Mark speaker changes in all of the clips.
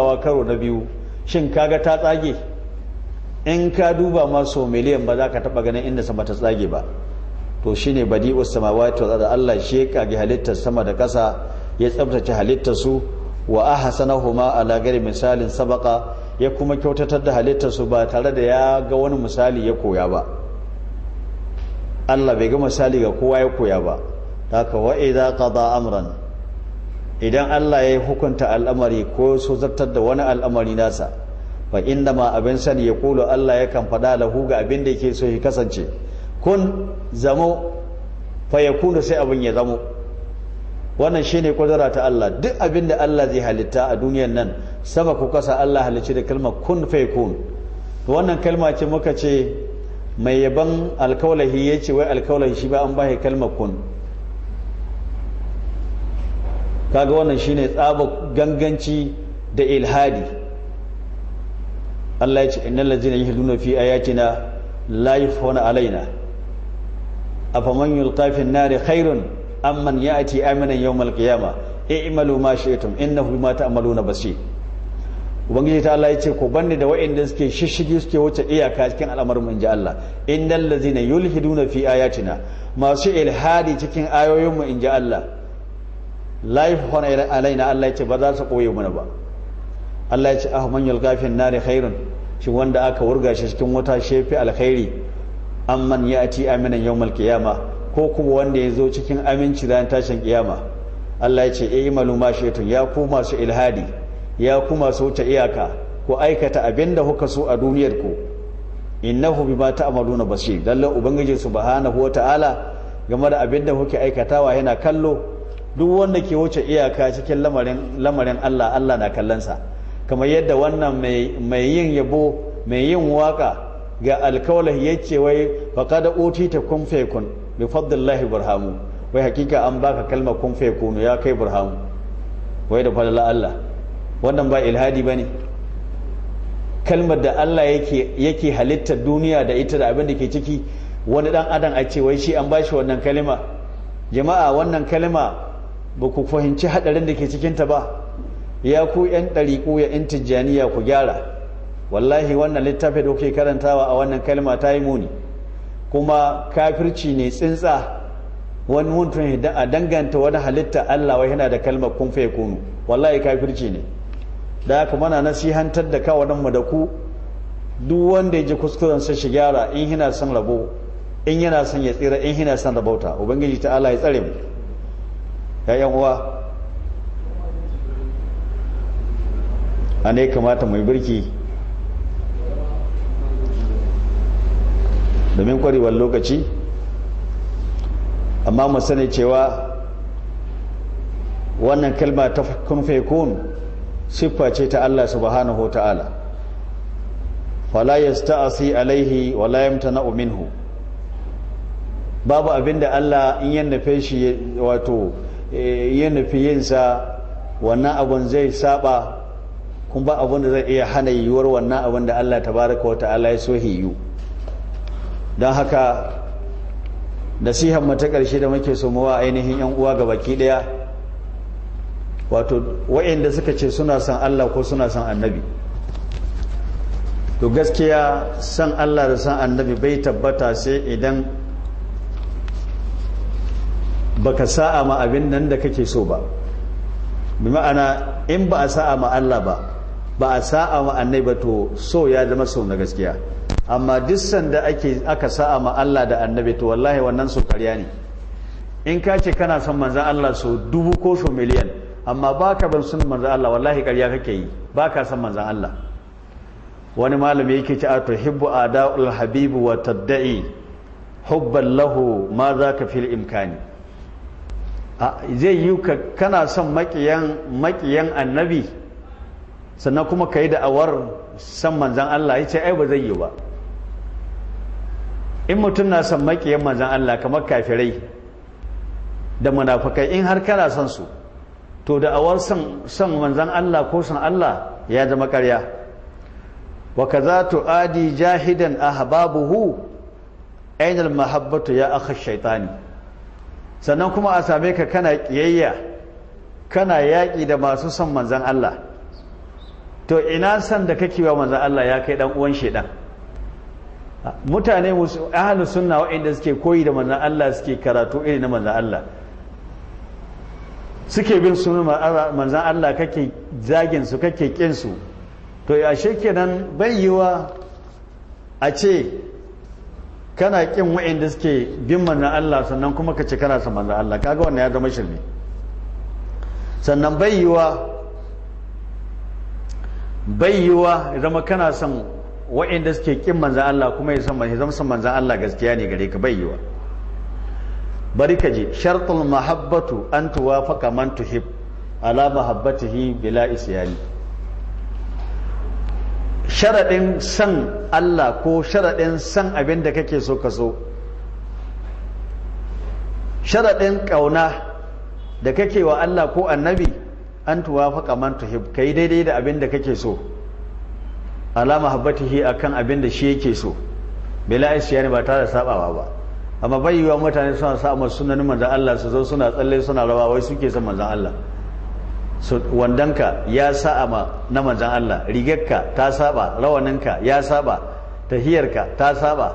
Speaker 1: kawo karo na biyu shin kaga ta tsage in ka duba masu miliyan ba za ka taba ganin inda sama ta tsage ba to shine badi'us wa ta tsada Allah shi ka ga halittar sama da kasa ya tsabtace halittar su wa ahsanahuma ala gari misalin sabaka ya kuma kyautatar da halittar su ba tare da ya ga wani misali ya koya ba Allah bai ga misali ga kowa ya koya ba haka wa idza qada amran idan Allah ya hukunta al'amari ko so zartar da wani al'amari nasa fa inda ma abin sani ya kulu Allah ya kan faɗa lahu ga abin da yake so ya kasance kun zamo fa ya kulu sai abin ya zamo wannan shi ne kudura ta Allah duk abin da Allah zai halitta a duniyar nan sama ku kasa Allah halicci da kalma kun fa kun wannan kalma ce muka ce mai yaban alkaulahi ya ce wai alkaulahi shi ba an ba kalma kun kaga wannan shine tsaba ganganci da ilhadi Allah ya ce innal ladzina yahduna fi ayatina la yufuna alaina afaman yulqa fi an-nari khairun amman ya'ti aminan yawmal qiyamah i'malu ma shi'tum innahu bima ta'maluna basir ubangiji ta Allah ya ce ko banni da wa'inda suke shishigi suke wuce iyaka cikin al'amarin in ji Allah innal ladzina yulhiduna fi ayatina masu ilhadi cikin ayoyin mu in ji Allah la alai alaina Allah ya ce ba za su koyo mana ba Allah ya ce ah man yulqa gafin nari khairun shi wanda aka wurga shi cikin wata shefi alkhairi amman yati aminan yawmal qiyama ko kuma wanda ya zo cikin aminci ran tashin kiyama Allah ya ce e eh, imalu ma shaytun ya ku masu ilhadi ya ku masu wuce iyaka ko aikata abinda kuka so a duniyar ku innahu bima ta'maluna basir lalla ubangiji subhanahu wata'ala game da abinda kuke aikatawa yana kallo duk wanda ke wuce iyaka cikin lamarin Allah Allah na kallonsa kamar yadda wannan mai yin yabo mai yin waka ga alkawalar ya ce wai da oti ta kun fekun bi lahi burhamu wai hakika an baka kalma kun fekunu ya kai burhamu wai da fadla Allah wannan ba ilhadi ba ne kalmar da Allah yake halittar duniya da ita da abin da ke ciki wani dan adam a ce wai shi an ba shi wannan kalima jama'a wannan kalima ba ku fahimci hadarin da ke cikinta ba ya ku 'yan ɗariƙu ya 'yan tijjaniya ku gyara wallahi wannan littafi da kuke karantawa a wannan kalma ta yi muni kuma kafirci ne tsintsa wani mutum a danganta wani halitta Allah wai yana da kalmar kun fa kunu wallahi kafirci ne da haka mana nasihantar da kawanan mu da ku duk wanda ya ji kuskuren sa shi gyara in yana son rabo in yana son ya tsira in yana son rabauta ubangiji ta Allah ya tsare mu yayan uwa a ne kamata mai birki domin kwarewar lokaci amma mu sani cewa wannan kalma ta kun fekun siffa ce ta Allah subhanahu ta'ala wala yasta'si alaihi wala umin uminhu babu abinda Allah in yannafe shi wato Eh, ya nufi yinsa wannan abun zai saba kun ba abun da zai iya hana yiwuwar wannan abun da Allah Ta baraka wata Allah ya so hiyu don haka nasihar mata ƙarshe da muke mawa ainihin yan uwa ga baki ɗaya wato wa'inda suka ce suna san Allah ko suna son annabi to gaskiya san Allah da san annabi bai tabbata sai idan baka sa'a ma abin nan da kake so ba bi ma'ana in ba a sa'a ma Allah ba ba a sa'a ma annai ba to so ya zama so na gaskiya amma duk sanda ake aka sa'a ma Allah da annabi to wallahi wannan so karya ne in ka ce kana son manzan Allah so dubu ko so miliyan amma ka ban sun manzan Allah wallahi karya kake yi baka son manzan Allah wani malami yake ci a hibbu ada'ul habibu wa tadda'i hubban lahu ma zaka fil imkani zai yi kana son makiyan makiyan annabi sannan kuma ka yi da'awar san manzan Allah ya ce ai ba zai yi ba in mutum na son makiyan manzan Allah kamar kafirai da munafukai in har kana son su to da'awar san manzan Allah ko san Allah ya zama karya tu adi jahidan ahbabuhu ainal mahabbatu ya أخ الشيطان sannan kuma a same ka kana kiyayya kana yaƙi da masu son manzan Allah to ina san da kake wa manzan Allah ya kai dan uwan shedan mutane ahlus sunna waɗanda suke koyi da manzan Allah suke karatu iri na manzan Allah suke bin sunan manzan Allah kake zagin su kake kin su to ashe kenan bai yiwa a ce kana ƙin wa'anda suke bin manzan Allah sannan kuma ka ce kana son manzan Allah kaga wannan ya zama shirme sannan bai yiwa bai zama kana son wa'anda suke kin manzan Allah kuma ya san ya zama son manzan Allah gaskiya ne gare ka bai bari ka je shartul mahabbatu an tuwafaqa man tuhib ala mahabbatihi bila isyani sharaɗin san Allah ko sharaɗin san abin da kake so ka so sharaɗin ƙauna da kake wa Allah ko annabi an tuwafaka man tuhib yi daidai da abin da kake so alama habbatihi kan abin da shi yake so bila isyani ba tare saɓawa sabawa ba amma bai mutane suna sa sunanin manzan Allah su zo suna tsalle suna rawa wai suke son manzan Allah wandanka ya sa'a ma na manzan Allah rigarka ta saba rawaninka ya saba tahiyarka ta saba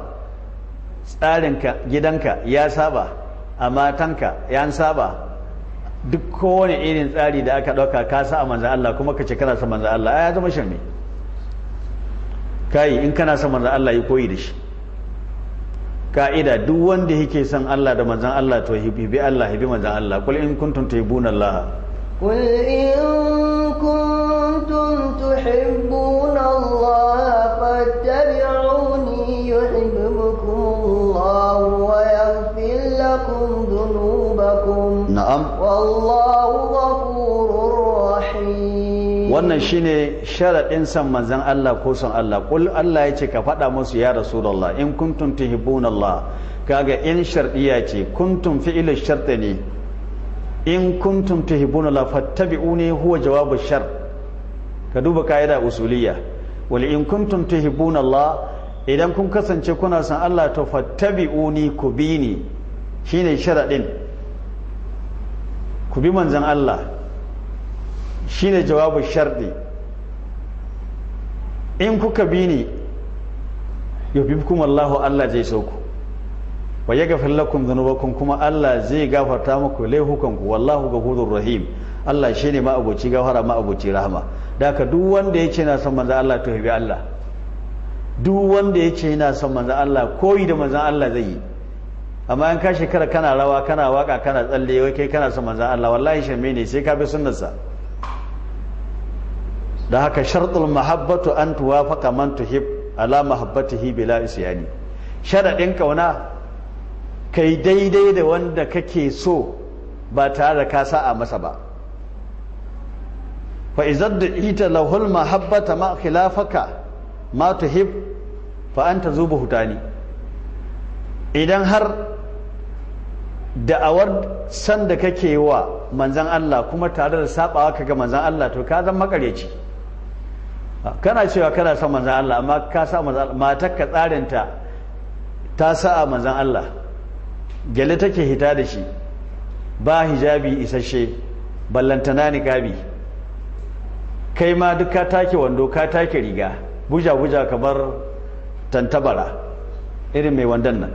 Speaker 1: tsarinka gidanka ya saba a matanka ya saba duk kowane irin tsari da aka ɗauka ka sa a manzan Allah kuma ka ce kana son manzan Allah ya zama shirme kayi in kana son manzan Allah yi koyi da shi ka'ida duk wanda yake son Allah da manzan Allah to hibi Allah hibi manzan Allah kul in kuntum tuhibbuna Allah قل إن كنتم تحبون الله فاتبعوني يحببكم الله ويغفر لكم ذنوبكم نعم والله غفور رحيم wannan shine sharaɗin san manzon Allah ko son Allah kul Allah ya ce ka faɗa musu ya rasulullah in kuntum tuhibbuna Allah kaga in shardiya ce kuntum fi'il sharti ne in kuntum tuhibbuna la fattabi'uni huwa jawabu shar ka duba kaida usuliyya wal in kuntum tuhibbuna Allah idan kun kasance kuna son Allah to fattabi'uni ku bi ni shine sharadin ku bi manzon Allah shine jawabu shardi in kuka bi ni yubibkum Allahu Allah zai so ku wa yaghfir lakum dhunubakum kuma Allah zai gafarta muku laifukan ku wallahu ghafurur rahim Allah shine ne abuci gafara ma rahama da aka duk wanda ce na son manzo Allah to bi Allah duk wanda ce yana son manzo Allah koyi da manzo Allah zai yi amma an ka shekara kana rawa kana waka kana tsalle wai kai kana son manzo Allah wallahi shirme ne sai ka bi sunnarsa da haka shartul mahabbatu an tuwafaqa man tuhib ala mahabbatihi bila isyani sharadin kauna kai daidai da wanda kake so ba tare da ka sa'a masa ba fa izad da ita lahul mahabbata ma khilafaka ma tuhib fa anta zuba hutani idan har da'awar san da kake wa manzan Allah kuma tare da sabawa kaga manzan Allah to ka zan makareci kana cewa kana son manzan Allah amma ka sa manzan ka tsarinta ta sa'a manzan Allah gyale take hita da shi ba hijabi isasshe ballantana kabi kai ma duk ka take wando ka take riga buja buja kamar tantabara irin mai wandan nan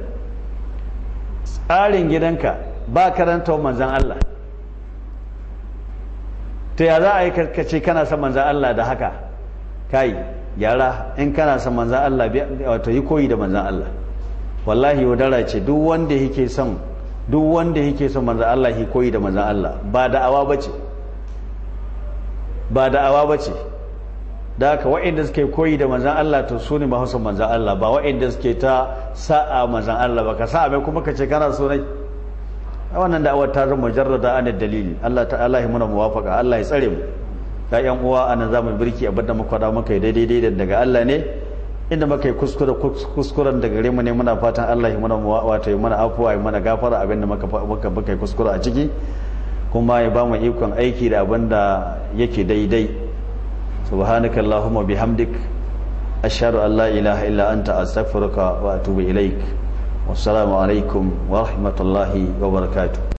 Speaker 1: tsarin gidanka ba karanta manzan Allah ta ya za a yi karkace kana son manzan Allah da haka kai yara in kana son manzan Allah wato yi koyi da manzan Allah wallahi yaudara ce duk wanda yake son duk wanda yake son manzan Allah ya koyi da manzan Allah ba da'awa bace ba da'awa bace da haka wa'inda suke koyi da manzan Allah to su ne mahausan manzan Allah ba wa'inda suke ta sa'a manzan Allah ba ka sa'a mai kuma ka ce kana sunai a wannan da'awar ta zama jarrada an dalili Allah ta'ala ya muna muwafaka Allah ya tsare mu ya yan uwa anan zamu birki abinda muka da muka daidai daidai daga Allah ne inda muka yi kuskure kuskuren da gare mu ne muna fatan Allah ya muna ya mana afuwa ya mana gafara abin da muka muka yi kuskure a ciki kuma ya ba mu ikon aiki da abin da yake daidai subhanaka allahumma bihamdik ashhadu an la ilaha illa anta astaghfiruka wa atubu ilaik wassalamu alaikum wa rahmatullahi wa barakatuh